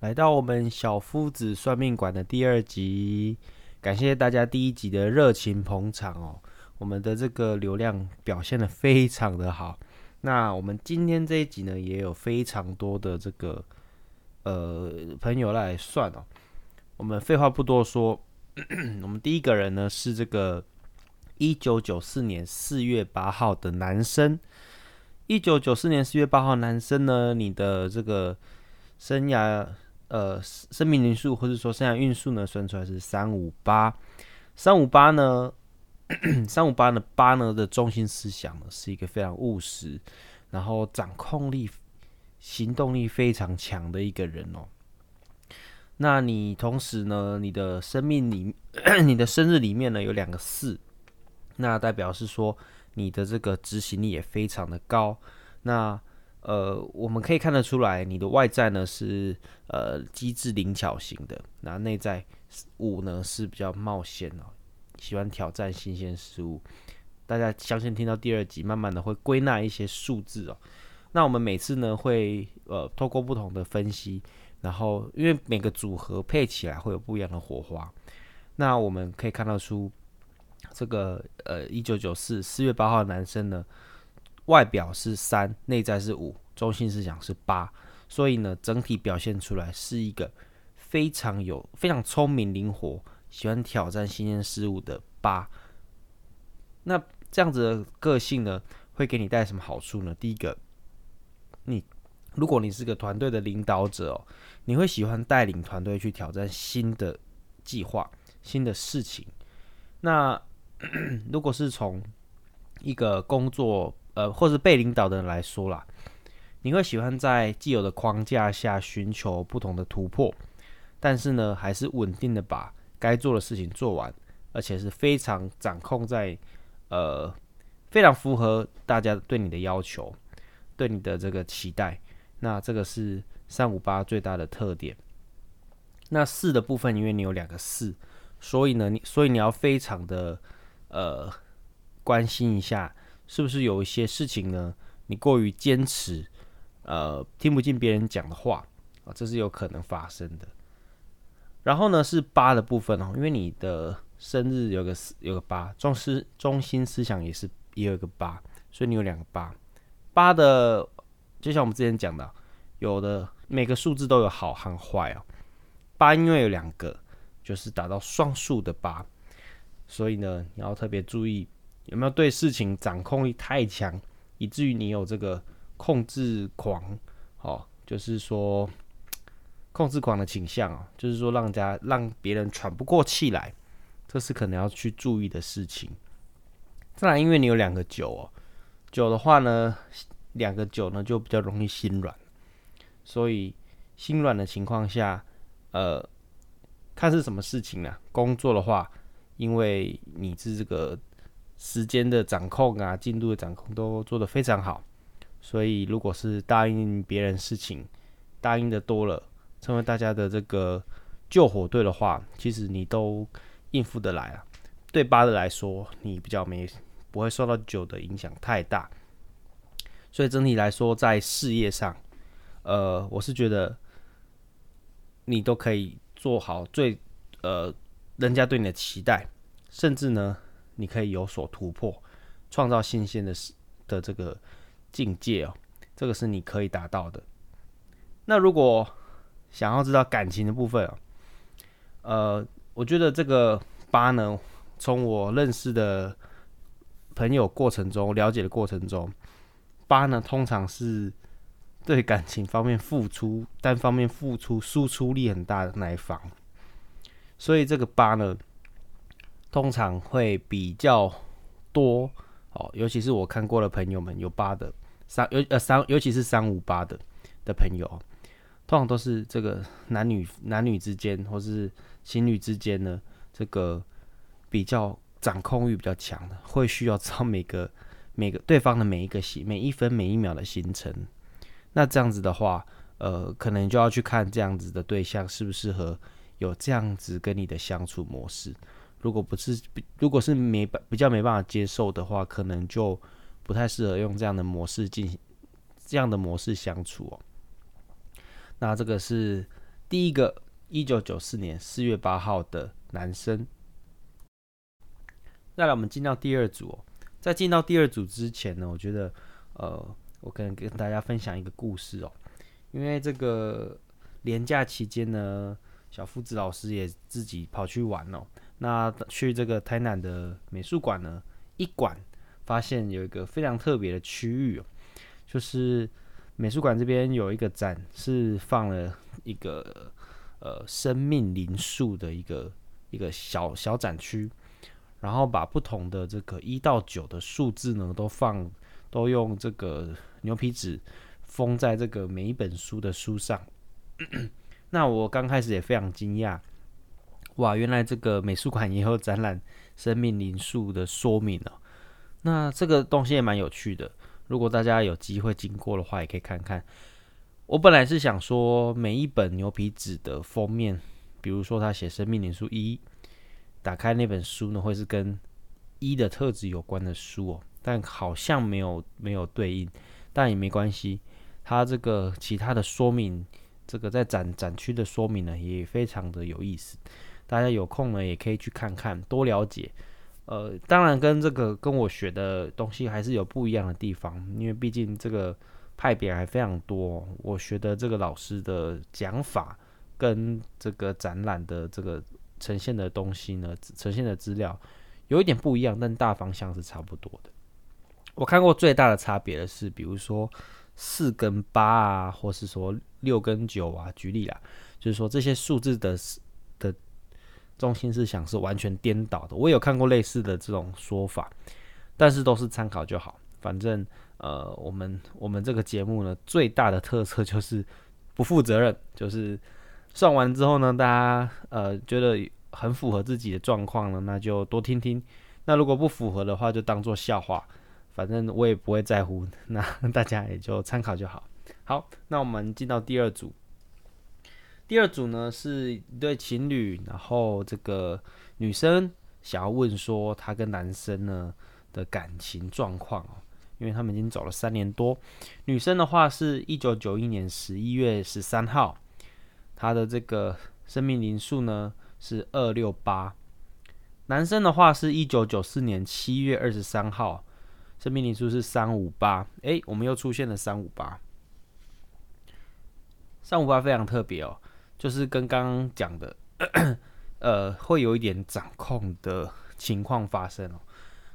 來到我們小夫子算命館的第二集，感謝大家第一集的熱情捧場哦，我們的這個流量表現得非常的好。那我們今天這一集呢，也有非常多的這個呃朋友來算哦。我們廢話不多說，我們第一個人呢是這個一九九四年四月八號的男生。一九九四年四月八號男生呢，你的這個生涯。呃，生命靈數或者說生命數呢，算出來是三五八，三五八呢，三五八呢，八呢的中心思想呢，是一個非常務實，然後掌控力、行動力非常強的一個人哦、喔。那你同時呢，你的生命裡、你的生日裡面呢，有兩個四，那代表是說你的這個執行力也非常的高。那呃，我們可以看得出來，你的外在呢是呃機智靈巧型的，那內在五呢是比較冒險哦，喜歡挑戰新鮮事物。大家相信聽到第二集，慢慢的會歸納一些數字哦。那我們每次呢會呃透過不同的分析，然後因為每個組合配起來會有不一樣的火花。那我們可以看得出這個呃一九九四四月八號的男生呢。外表是三，內在是五，中心思想是八，所以呢，整體表現出來是一個非常有、非常聰明、靈活、喜歡挑戰新鮮事物的八。那這樣子的個性呢，會給你帶來什麼好處呢？第一個，你如果你是個團隊的領導者哦，你會喜歡帶領團隊去挑戰新的計劃、新的事情。那呵呵如果是從一個工作，呃，或是被領導的人來說啦，你會喜歡在既有的框架下尋求不同的突破，但是呢，還是穩定的把該做的事情做完，而且是非常掌控在，呃，非常符合大家對你的要求，對你的這個期待。那這個是三五八最大的特點。那四的部分，因為你有兩個四，所以呢，你所以你要非常的呃關心一下。是不是有一些事情呢？你過於堅持，呃，聽不進別人講的話啊，這是有可能發生的。然後呢，是八的部分哦，因為你的生日有個四，有個八，重視中心思想也是也有一個八，所以你有兩個八。八的，就像我們之前講的，有的每個數字都有好和壞哦。八因為有兩個，就是達到雙數的八，所以呢，你要特別注意。有沒有對事情掌控力太強，以至於你有這個控制狂哦？就是說控制狂的傾向哦，就是說讓人家讓別人喘不過氣來，這是可能要去注意的事情。自然因為你有兩個九哦，九的話呢，兩個九呢就比較容易心軟，所以心軟的情況下，呃，看是什麼事情呢，啊？工作的話，因為你是這個。時間的掌控啊，進度的掌控都做得非常好，所以如果是答應別人事情，答應的多了，成為大家的這個救火隊的話，其實你都應付得來啊。對八的來說，你比較沒不會受到九的影響太大，所以整體來說，在事業上，呃，我是覺得你都可以做好最呃，人家對你的期待，甚至呢。你可以有所突破，創造新鮮的的這個境界哦，這個是你可以達到的。那如果想要知道感情的部分哦，呃，我覺得這個八呢，從我認識的朋友過程中了解的過程中，八呢通常是對感情方面付出，單方面付出輸出力很大的那一方，所以這個八呢。通常會比較多哦，尤其是我看過的朋友們，有八的三，尤呃三，三，尤其是三五八的的朋友，通常都是這個男女男女之間，或是情侶之間呢，這個比較掌控欲比較強的，會需要照每個每個對方的每一個行每一分每一秒的行程。那這樣子的話，呃，可能就要去看這樣子的對象適不適合有這樣子跟你的相處模式。如果不是，如果是沒辦比較沒辦法接受的話，可能就不太適合用這樣的模式進行這樣的模式相處，哦。那這個是第一個，一九九四年四月八號的男生。再來，我們進到第二組哦。在進到第二組之前呢，我覺得，呃，我可能跟大家分享一個故事哦。因為這個連假期間呢，小夫子老師也自己跑去玩哦。那去這個台南的美術館呢，一館發現有一個非常特別的區域喔，就是美術館這邊有一個展，是放了一個呃生命靈數的一個一個小小展區，然後把不同的這個一到九的數字呢都放，都用這個牛皮紙封在這個每一本書的書上。 那我剛開始也非常驚訝。哇，原來這個美術館也有展覽生命靈數的說明哦、啊。那這個東西也蠻有趣的，如果大家有機會經過的話，也可以看看。我本來是想說，每一本牛皮紙的封面，比如說他寫生命靈數一，打開那本書呢，會是跟一的特質有關的書哦。但好像沒有沒有對應，但也沒關係。他這個其他的說明，這個在展展區的說明呢，也非常的有意思。大家有空呢，也可以去看看，多了解。呃，當然跟這個跟我學的東西還是有不一樣的地方，因為畢竟這個派別還非常多。我學的這個老師的講法跟這個展覽的這個呈現的東西呢，呈現的資料有一點不一樣，但大方向是差不多的。我看過最大的差別的是，比如說四跟八啊，或是說六跟九啊，舉例啦啊，就是說這些數字的。中心思想是完全顛倒的，我有看過類似的這種說法，但是都是參考就好。反正呃，我們我們這個節目呢，最大的特色就是不負責任，就是算完之後呢，大家呃覺得很符合自己的狀況了，那就多聽聽。那如果不符合的話，就當作笑話，反正我也不會在乎。那大家也就參考就好。好，那我們進到第二組。第二組呢是一對情侶，然後這個女生想要問說她跟男生呢的感情狀況，因為他們已經走了三年多。女生的話是一九九一年十一月十三號，她的這個生命靈數呢是二六八。男生的話是一九九四年七月二十三號，生命靈數是三五八。誒，我們又出現了三五八，三五八非常特別哦。就是跟剛剛講的呃，呃，會有一點掌控的情況發生哦、喔。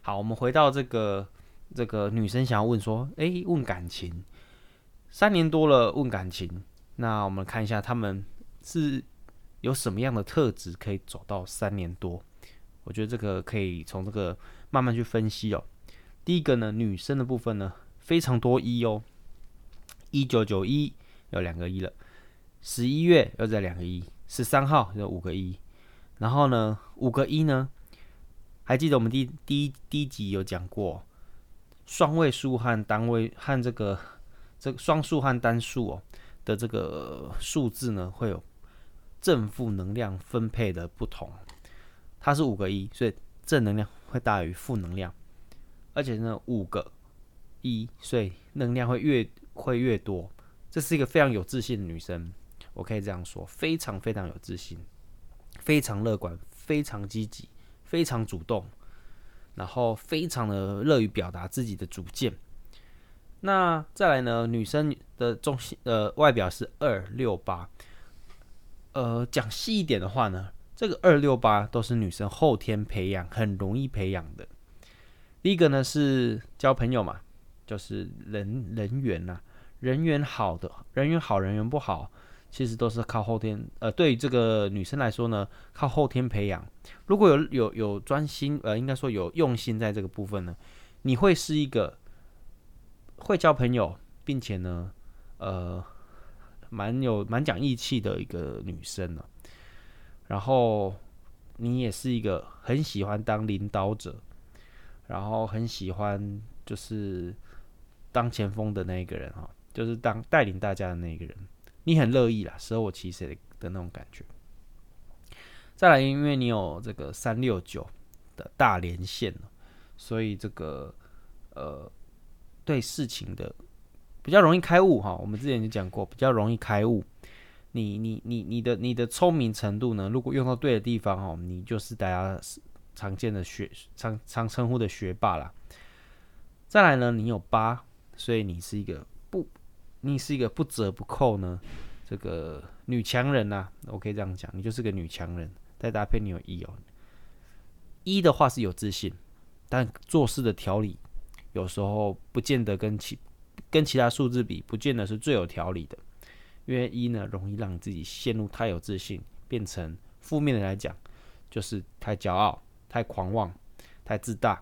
好，我們回到這個這個女生想要問說，誒、欸，問感情，三年多了，問感情。那我們看一下他們是有什麼樣的特質可以走到三年多？我覺得這個可以從這個慢慢去分析哦、喔。第一個呢，女生的部分呢，非常多一哦、喔，一九九一有兩個一了。十一月又在兩個一，十三號又五個一、e,，然後呢，五個一、e、呢？還記得我們第第一第一集有講過，雙位數和單位和這個這個雙數和單數、哦、的這個、呃、數字呢，會有正負能量分配的不同。它是五個一、e,，所以正能量會大於負能量，而且呢，五個一、e,，所以能量會越會越多。這是一個非常有自信的女生。我可以這樣說，非常非常有自信，非常樂觀，非常積極，非常主動，然後非常的樂於表達自己的主見。那再來呢？女生的重心呃外表是二六八，呃講細一點的話呢，這個二六八都是女生後天培養，很容易培養的。第一個呢是交朋友嘛，就是人人緣吶，人緣啊好的，人緣好，人緣不好。其實都是靠後天，呃，對於這個女生來說呢，靠後天培養。如果有有有專心，呃，應該說有用心，在這個部分呢，你會是一個會交朋友，並且呢，呃，蠻有蠻講義氣的一個女生呢，啊。然後你也是一個很喜歡當領導者，然後很喜歡就是當前鋒的那一個人哈，啊，就是當帶領大家的那一個人。你很樂意啦，捨我其誰的，的那種感覺。再來，因為你有這個三六九的大連線，所以這個呃，對事情的比較容易開悟哈。我們之前就講過，比較容易開悟。你你你你的你的聰明程度呢？如果用到對的地方哦，你就是大家常見的學常常稱呼的學霸啦。再來呢，你有八，所以你是一個。你是一個不折不扣呢，這個女強人啊，我可以這樣講，你就是個女強人。再搭配你有一哦，一的話是有自信，但做事的條理有時候不見得跟其跟其他數字比，不見得是最有條理的。因為一呢，容易讓你自己陷入太有自信，變成負面的來講，就是太驕傲、太狂妄、太自大。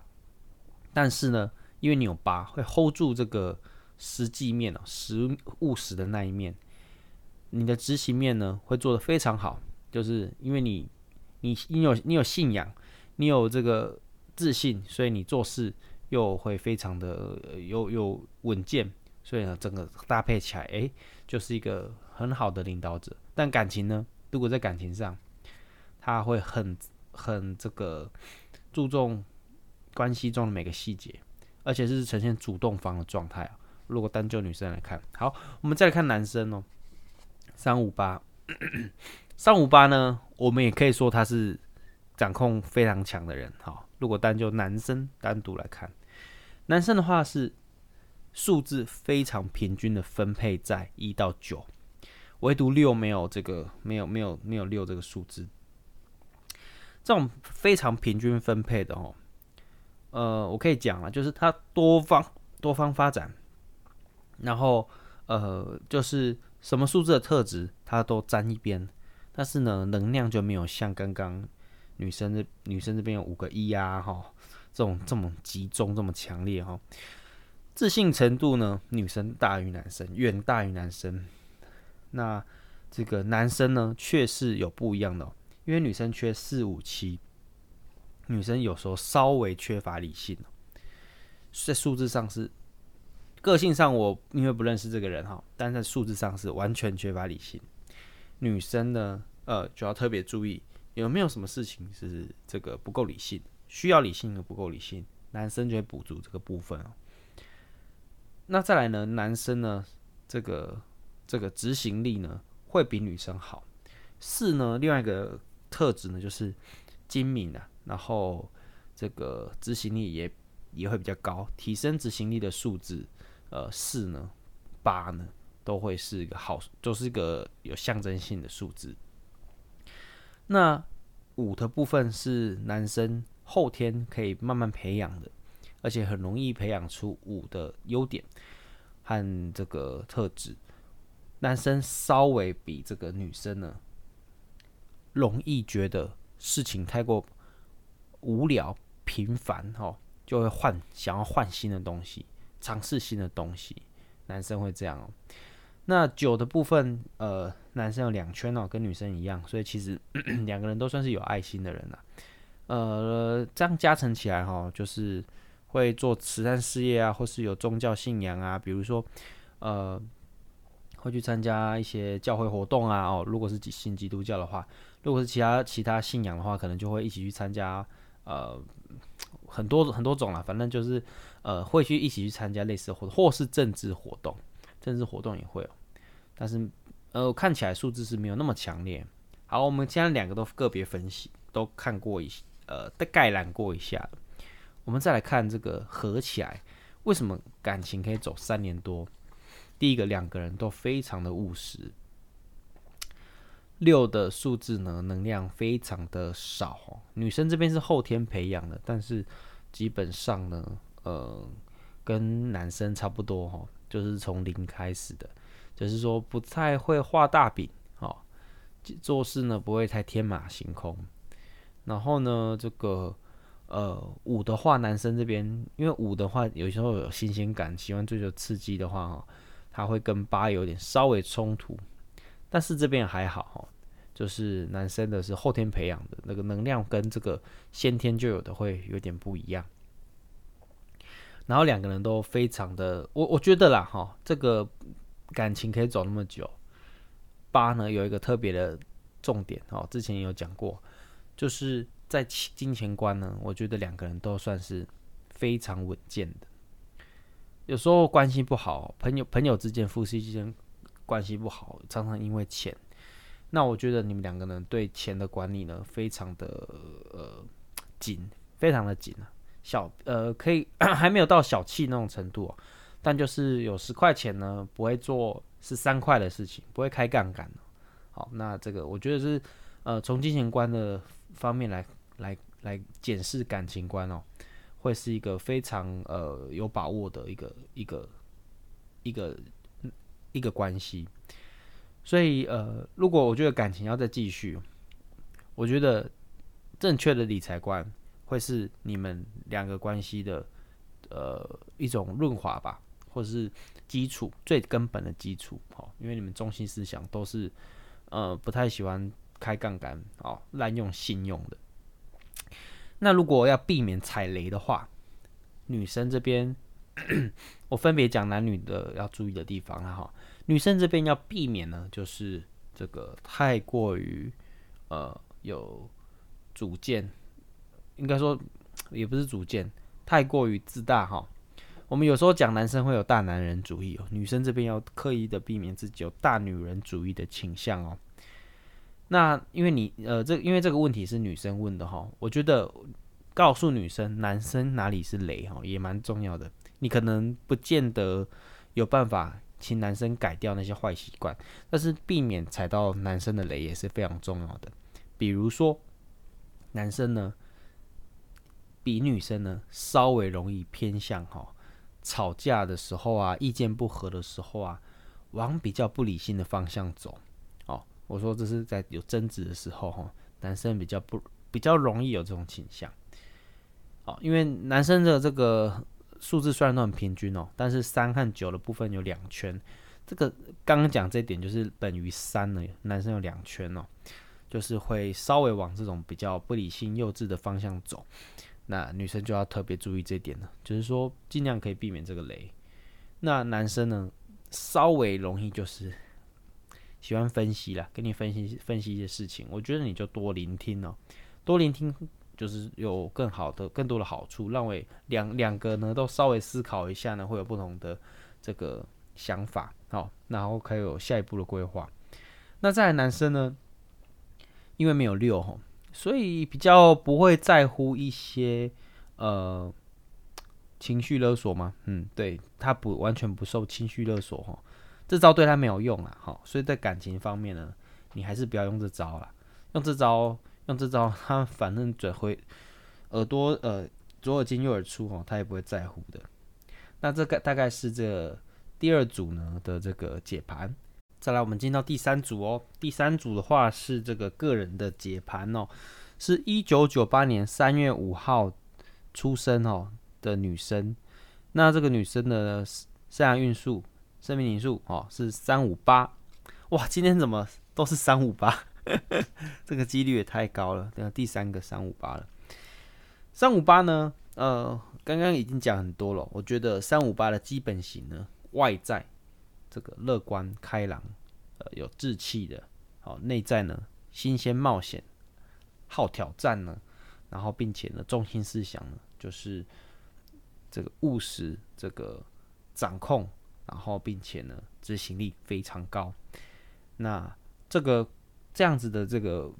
但是呢，因為你有八，會 hold 住這個。實際面哦，實務實的那一面，你的執行面呢，會做得非常好，就是因為你你你有你有信仰，你有這個自信，所以你做事又會非常的、呃、又又穩健，所以呢，整個搭配起來，哎、欸，就是一個很好的領導者。但感情呢，如果在感情上，他會很很這個注重關係中的每個細節，而且是呈現主動方的狀態啊。如果單就女生來看，好，我們再來看男生哦。三五八，三五八呢，我們也可以說他是掌控非常強的人。好，如果單就男生單獨來看，男生的話是數字非常平均的分配在1到 9, 一到九，唯獨六沒有這個，沒有沒有沒有六這個數字。這種非常平均分配的哦，呃，我可以講了，就是他多方多方發展。然後，呃，就是什麼數字的特質，他都沾一邊。但是呢，能量就沒有像剛剛女生的女生這邊有五個一啊，哈、哦，這種這麼集中、這麼強烈哈、哦。自信程度呢，女生大於男生，遠大於男生。那這個男生呢，卻是有不一樣的、哦，因為女生缺四五七，女生有時候稍微缺乏理性，在數字上是。個性上，我因為不認識這個人哈，但在數字上是完全缺乏理性。女生呢，呃，就要特別注意有沒有什麼事情是這個不夠理性，需要理性的不夠理性，男生就會補足這個部分。那再來呢，男生呢，這個這個執行力呢，會比女生好。四呢，另外一個特質呢，就是精明的，啊，然後這個執行力也也會比較高，提升執行力的數字。呃，四呢，八呢，都會是一個好，就是一個有象徵性的數字。那五的部分是男生後天可以慢慢培養的，而且很容易培養出五的優點和這個特質。男生稍微比這個女生呢，容易覺得事情太過無聊平凡，哦，就會換想要換新的東西。嘗試新的東西，男生會這樣哦。那酒的部分，呃，男生有兩圈哦，跟女生一樣，所以其實兩個人都算是有愛心的人啦。呃，這樣加成起來哈，就是會做慈善事業啊，或是有宗教信仰啊，比如說，呃，會去參加一些教會活動啊。哦，如果是信基督教的話，如果是其他其他信仰的話，可能就會一起去參加，呃。很多很多種啦，反正就是，呃，會去一起去參加類似的活動，或是政治活動，政治活動也會有、喔，但是呃，看起來數字是沒有那麼強烈。好，我們將兩個都個別分析，都看過一些呃的概覽過一下。我們再來看這個合起來，為什麼感情可以走三年多？第一個，兩個人都非常的務實。六的數字呢，能量非常的少喔。女生這邊是後天培養的，但是基本上呢，呃，跟男生差不多哈喔，就是從零開始的，就是說不太會畫大餅喔，做事呢不會太天馬行空。然後呢，這個呃五的話，男生這邊因為五的話有時候有新鮮感，喜歡追求刺激的話喔，他會跟八有點稍微衝突，但是這邊還好喔就是男生的是後天培養的那個能量，跟這個先天就有的會有點不一樣。然後兩個人都非常的，我我覺得啦，哈、哦，這個感情可以走那麼久。八呢有一個特別的重點哦，之前也有講過，就是在金錢觀呢，我覺得兩個人都算是非常穩健的。有時候關係不好，朋友朋友之間、夫妻之間關係不好，常常因為錢。那我覺得你們兩個人對錢的管理呢，非常的呃緊，非常的緊啊。小呃可以還沒有到小氣那種程度，啊，但就是有十塊錢呢，不會做十三塊的事情，不會開槓桿，啊。好，那這個我覺得是呃從金錢觀的方面來來來檢視感情觀哦，會是一個非常呃有把握的一個一個一個，嗯、一個關係。所以，呃，如果我覺得感情要再繼續，我覺得正確的理財觀會是你們兩個關係的，呃，一種潤滑吧，或是基礎最根本的基礎，哦，因為你們中心思想都是，呃，不太喜歡開槓桿，哦，濫用信用的。那如果要避免踩雷的話，女生這邊， 我分別講男女的要注意的地方，啊，哈。女生這邊要避免呢，就是這個太過於呃有主見，應該說也不是主見，太過於自大哈。我們有時候講男生會有大男人主義哦，女生這邊要刻意的避免自己有大女人主義的傾向哦。那因為你呃，這因為這個問題是女生問的哈，我覺得告訴女生男生哪裡是雷哈，也蠻重要的。你可能不見得有辦法。請男生改掉那些壞習慣，但是避免踩到男生的雷也是非常重要的。比如說，男生呢，比女生呢稍微容易偏向吼，吵架的時候啊，意見不合的時候啊，往比較不理性的方向走。哦，我說這是在有爭執的時候吼，男生比較不比較容易有這種傾向。哦，因為男生的這個。數字雖然都很平均哦，但是三和九的部分有兩圈，這個剛剛講這點就是等於三了，男生有兩圈哦，就是會稍微往這種比較不理性、幼稚的方向走。那女生就要特別注意這點了，就是說盡量可以避免這個雷。那男生呢，稍微容易就是喜歡分析啦，跟你分析分析一些事情，我覺得你就多聆聽哦，多聆聽。就是有更好的、更多的好處，讓我兩兩個呢都稍微思考一下呢，會有不同的這個想法，好，然後可以有下一步的規劃。那在男生呢，因為沒有六吼，所以比較不會在乎一些呃情緒勒索嘛，嗯，對他不完全不受情緒勒索吼，這招對他沒有用啊，好，所以在感情方面呢，你還是不要用這招了，用這招，用這招，他反正轉回耳朵，呃，左耳進右耳出哦，他也不會在乎的。那這個大概是這第二組呢的這個解盤。再來，我們進到第三組哦。第三組的話是這個個人的解盤哦，是一九九八年三月五號出生哦的女生。那這個女生的呢，生涯運數，生命靈數哦是三五八。哇，今天怎麼都是三五八？ 這個幾率也太高了，第三個三五八了，三五八呢，呃，剛剛已經講很多了，我覺得三五八的基本型呢，外在這個樂觀開朗，呃，有志氣的，好、哦，內在呢，新鮮冒險，好挑戰呢，然後並且呢，重心思想呢，就是這個務實，這個掌控，然後並且呢，執行力非常高，那這個。這樣子的這個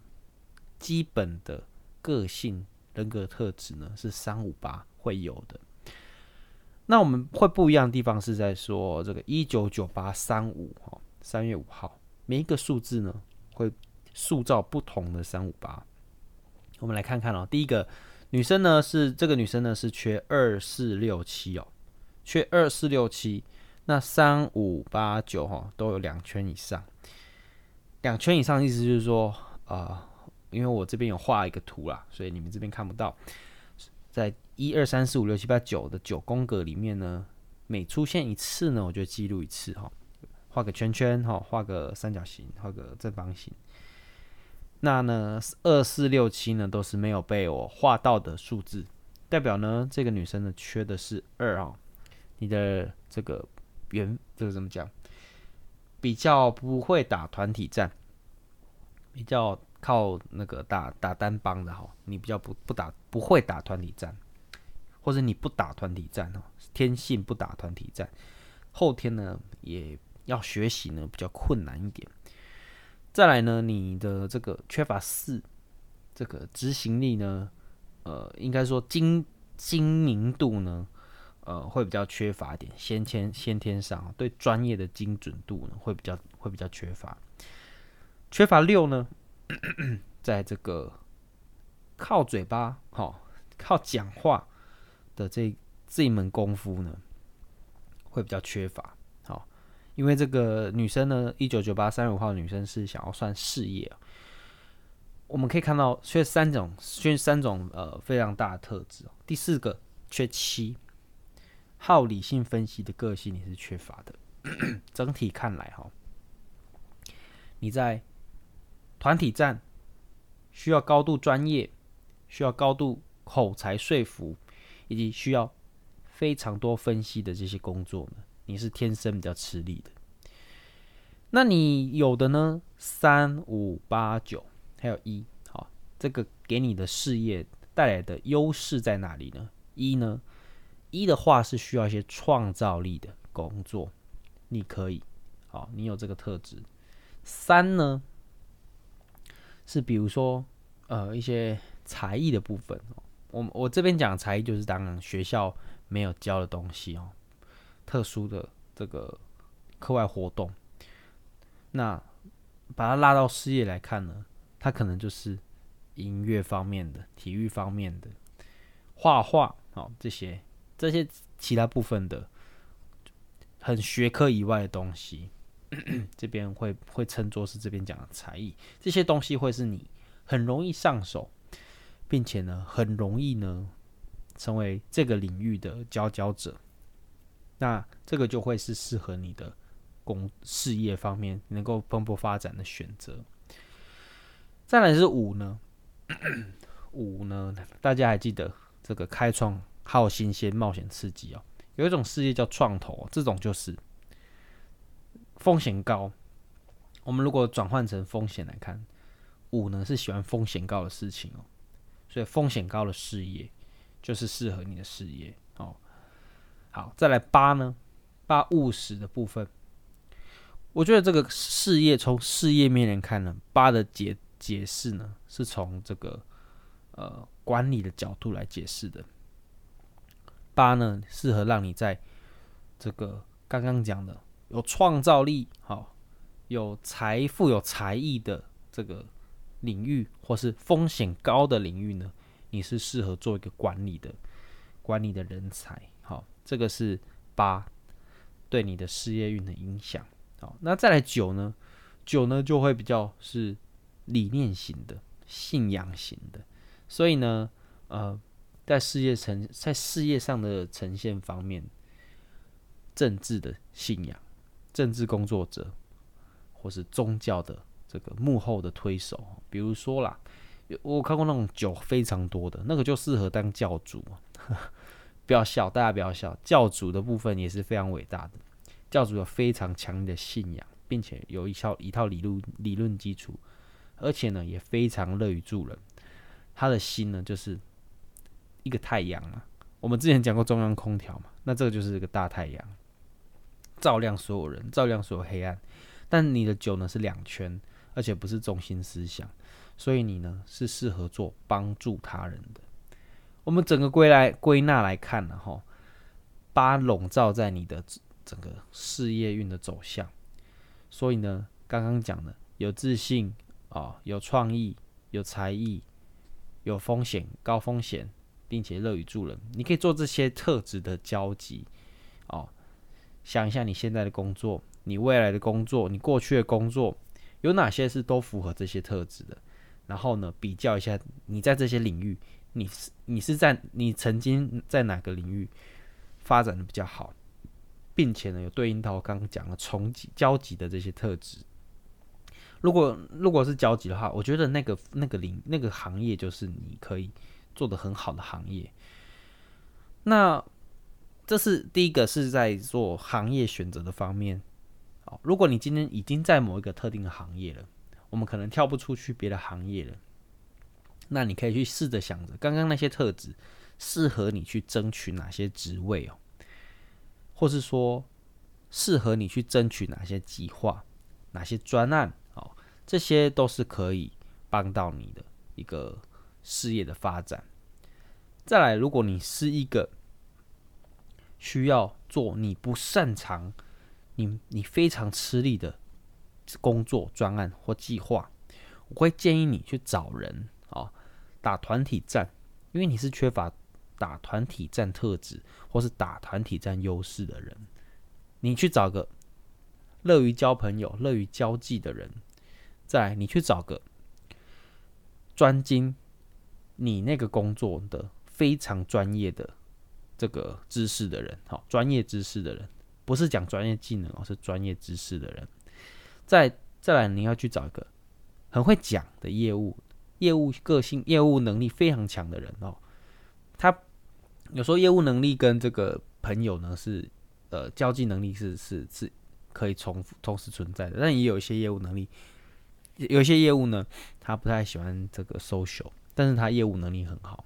基本的個性人格特質呢，是三五八會有的。那我們會不一樣的地方是在說這個一九九八三五吼，三月五號，每一個數字呢會塑造不同的三五八。我們來看看哦，第一個女生呢是這個女生呢是缺二四六七哦，缺二四六七，那三五八九哈都有兩圈以上。兩圈以上，意思就是說，啊、呃，因為我這邊有畫一個圖啦，所以你們這邊看不到。在一二三四五六七八九的九宮格裡面呢，每出現一次呢，我就記錄一次哈、哦，畫個圈圈哈、哦，畫個三角形，畫個正方形。那呢，二四六七呢都是沒有被我畫到的數字，代表呢這個女生呢缺的是二啊、哦，你的這個原，這個怎麼講？比較不會打團體戰，比較靠那個打打單幫的哈。你比較不不打不會打團體戰，或者你不打團體戰哈，天性不打團體戰，後天呢也要學習呢比較困難一點。再來呢，你的這個缺乏四這個執行力呢，呃，應該說精精明度呢。呃，會比較缺乏一點先天先天上，哦、對專業的精準度呢，會比較會比較缺乏。缺乏六呢，在這個靠嘴巴、哦、靠講話的這這一門功夫呢，會比較缺乏，哦、因為這個女生呢，一九九八三月五號的女生是想要算事業、哦，我們可以看到缺三種缺三種呃非常大的特質哦。第四個缺七。靠理性分析的個性你是缺乏的， 整體看來哈、哦，你在團體戰需要高度專業，需要高度口才說服，以及需要非常多分析的這些工作呢，你是天生比較吃力的。那你有的呢，三五八九還有一。好，這個給你的事業帶來的優勢在哪裡呢？一呢？一的話是需要一些創造力的工作，你可以，好，你有這個特質。三呢，是比如說，呃，一些才藝的部分。我我這邊講才藝，就是當然學校沒有教的東西哦，特殊的這個課外活動。那把它拉到事業來看呢，它可能就是音樂方面的、體育方面的、畫畫哦這些。這些其他部分的很學科以外的東西，呵呵，這邊會會稱作是這邊講的才藝，這些東西會是你很容易上手，並且呢很容易呢成為這個領域的佼佼者。那這個就會是適合你的工事業方面能夠蓬勃發展的選擇。再來是五呢，五呢，大家還記得這個開創。好新鮮、冒險、刺激哦。有一種事業叫創投哦，這種就是風險高。我們如果轉換成風險來看，五呢是喜歡風險高的事情哦，所以風險高的事業就是適合你的事業哦。好，再來八呢？八務實的部分，我覺得這個事業從事業面來看呢，八的解解釋呢是從這個呃管理的角度來解釋的。八呢，適合讓你在這個剛剛講的有創造力、好有財富、有才藝的這個領域，或是風險高的領域呢，你是適合做一個管理的管理的人才。好，這個是八對你的事業運的影響。好，那再來九呢？九呢就會比較是理念型的、信仰型的，所以呢，呃。在事業成在事業上的呈現方面，政治的信仰、政治工作者，或是宗教的這個幕後的推手，比如說啦，我看過那種酒非常多的，那個就適合當教主呵呵。不要笑，大家不要笑，教主的部分也是非常偉大的。教主有非常強烈的信仰，並且有一套一套理論理論基礎，而且呢也非常樂於助人。他的心呢就是。一個太陽啊，我們之前講過中央空調嘛，那這個就是一個大太陽，照亮所有人，照亮所有黑暗。但你的酒呢是兩圈，而且不是中心思想，所以你呢是適合做幫助他人的。我們整個歸來歸納來看了，啊、哈、把、哦、籠罩在你的整個事業運的走向。所以呢，剛剛講的有自信啊、哦，有創意，有才藝，有風險，高風險。並且樂於助人，你可以做這些特質的交集，哦，想一下你現在的工作、你未來的工作、你過去的工作有哪些是都符合這些特質的？然後呢，比較一下你在這些領域，你是你是在你曾經在哪個領域發展得比較好，並且呢，有對應到我剛剛講的重集交集的這些特質。如果如果是交集的話，我覺得那個那個領那個行業就是你可以做得很好的行業，那這是第一個是在做行業選擇的方面。哦，如果你今天已經在某一個特定的行業了，我們可能跳不出去別的行業了。那你可以去試着想着剛剛那些特質適合你去爭取哪些職位哦，或是說適合你去爭取哪些計劃、哪些專案哦，這些都是可以幫到你的一個。事業的發展。再來，如果你是一個需要做你不擅長你、你你非常吃力的工作、專案或計劃，我會建議你去找人啊、哦，打團體戰，因為你是缺乏打團體戰特質或是打團體戰優勢的人，你去找個樂於交朋友、樂於交際的人，再來你去找個專精。你那個工作的非常專業的這個知識的人，哈，專業知識的人，不是講專業技能哦，是專業知識的人。再來再來，你要去找一個很會講的業務，業務個性、業務能力非常強的人哦。他有時候業務能力跟這個朋友呢是呃交際能力是是是可以重複同時存在的，但也有一些業務能力，有一些業務呢，他不太喜歡這個 social。但是他業務能力很好，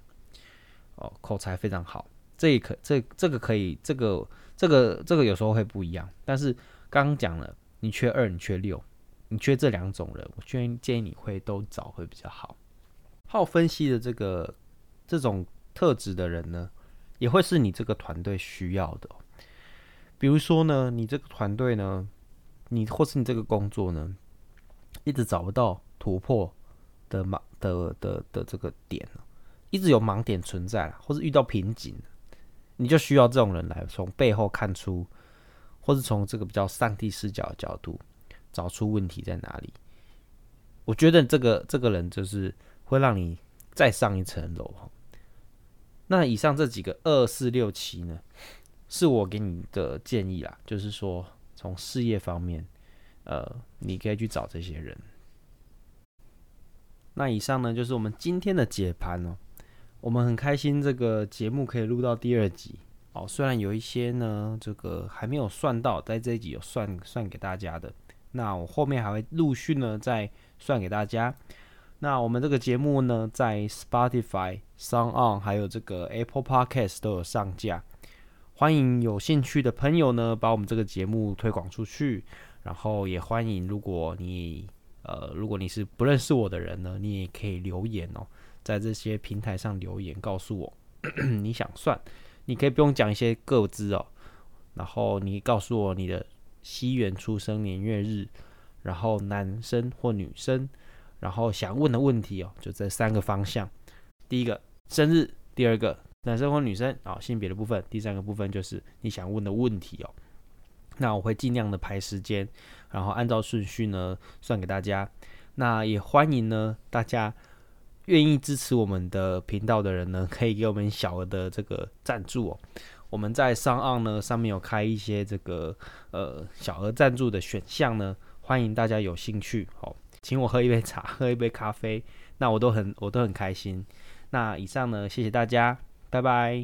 哦，口才非常好，這一可這這個可以，這個這個這個有時候會不一樣。但是剛剛講了，你缺二，你缺六，你缺這兩種人，我建議建議你會都找會比較好。好分析的這個這種特質的人呢，也會是你這個團隊需要的哦。比如說呢，你這個團隊呢，你或是你這個工作呢，一直找不到突破。的盲的的的這個點，一直有盲點存在，或是遇到瓶頸，你就需要這種人來從背後看出，或是從這個比較上帝視角的角度找出問題在哪裡。我覺得這個這個人就是會讓你再上一層樓。那以上這幾個二四六七呢，是我給你的建議啦，就是說從事業方面，呃，你可以去找這些人。那以上呢，就是我們今天的解盤哦。我們很開心這個節目可以錄到第二集哦。雖然有一些呢，這個還沒有算到，在這一集有算算給大家的。那我後面還會陸續呢，再算給大家。那我們這個節目呢，在 Spotify、SoundOn，還有這個 Apple Podcast 都有上架。歡迎有興趣的朋友呢，把我們這個節目推廣出去。然後也歡迎，如果你呃，如果你是不認識我的人呢，你也可以留言哦，在這些平台上留言告訴我呵呵，你想算，你可以不用講一些個資哦，然後你告訴我你的西元出生年月日，然後男生或女生，然後想問的問題哦，就這三個方向，第一個生日，第二個男生或女生啊、哦、性別的部分，第三個部分就是你想問的問題哦，那我會盡量的排時間。然後按照順序呢，算給大家，那也歡迎呢大家願意支持我們的頻道的人呢，可以給我們小額的這個贊助哦。我們在 SoundOn 呢上面有開一些這個呃小額贊助的選項呢，歡迎大家有興趣哦，請我喝一杯茶，喝一杯咖啡，那我都很我都很開心。那以上呢，謝謝大家，拜拜。